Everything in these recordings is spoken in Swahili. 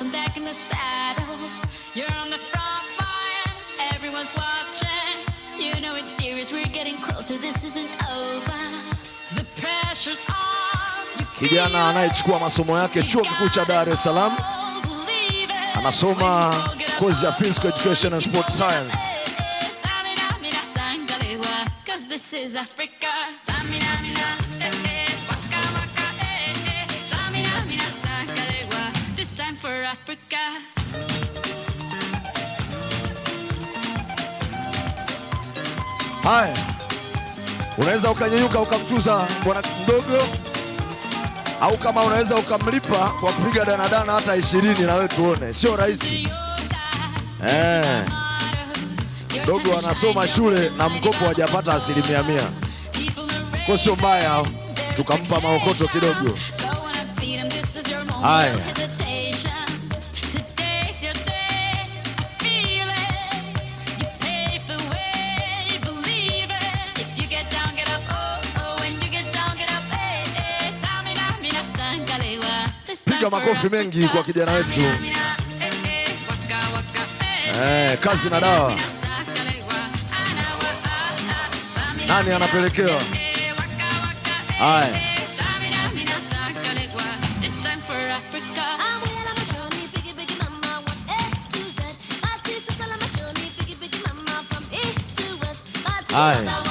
I'm back in the saddle. You're on the front line, everyone's watching. You know it's serious, we're getting closer, this isn't over. The pressure's on. Kijana anayechukua masomo yake chuo kikuu cha Dar es Salaam anasoma kozi ya Physical Education and Sports Science. This is Africa. It's time for Africa. Haya, unaweza ukanyeyuka ukamchuza bwana mdogo, au kama unaweza ukamlipa kwa kupiga danadana hata ishirini, na wewe tuone, sio rahisi eh. Mdogo anasoma shule na mkopo hajapata asilimia mia, kwa sio mbaya tukampa maokoto kidogo. Haya. tunapiga makofi mengi kwa kijana wetu eh, kazi na dawa. Nani anapelekewa haya? Haya.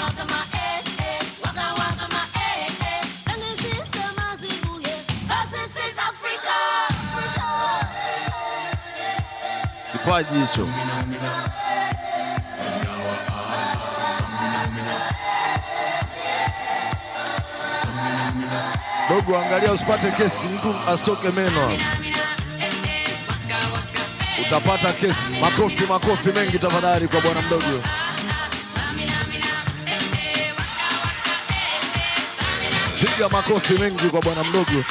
kipaji hicho. Dogo, angalia usipate kesi, mtu asitoke meno, utapata kesi. Makofi, makofi mengi tafadhali kwa bwana mdogo. Piga makofi mengi kwa bwana mdogo.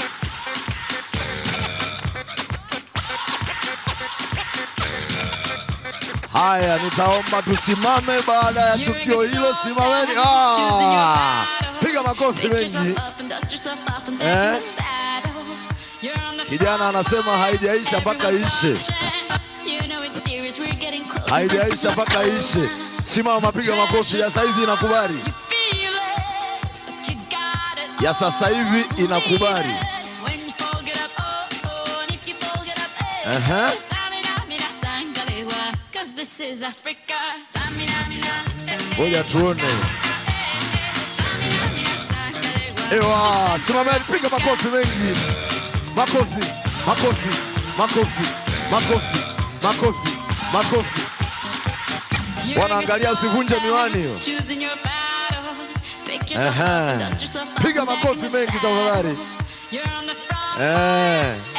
Haya, nitaomba tusimame baada ya tukio hilo. Simameni, ah, piga makofi mengi eh. Kijana anasema haijaisha mpaka ishe, haijaisha mpaka ishe. Simama, piga makofi ya saizi inakubali, ya sasa hivi inakubali. uh oh, -huh. Oh, this is Africa. Ngoja tuone. Ewa, simameni, piga makofi mengi. Makofi, makofi, makofi, makofi, makofi, makofi. Wanaangalia usivunje miwani hiyo. Piga makofi mengi tafadhali. Eh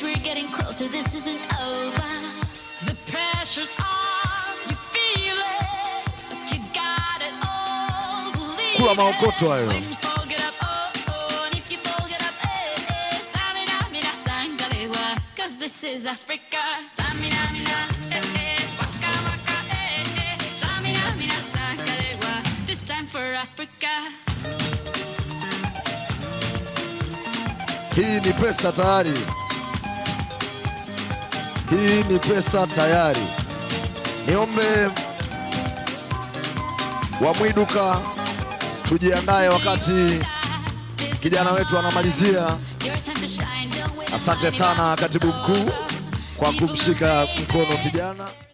cause we're getting closer. This isn't over. The pressure's on. You feel it, but you got it all. Believe Kula maokoto hayo. This is Africa. Tamina, mina, eh, eh, waka, waka, eh, eh. Tamina, mina, sangalewa. This time for Africa. Hii ni pesa tayari. Hii ni pesa tayari. Niombe Wamwiduka tujiandaye, wakati kijana wetu anamalizia. Asante sana katibu mkuu kwa kumshika mkono kijana.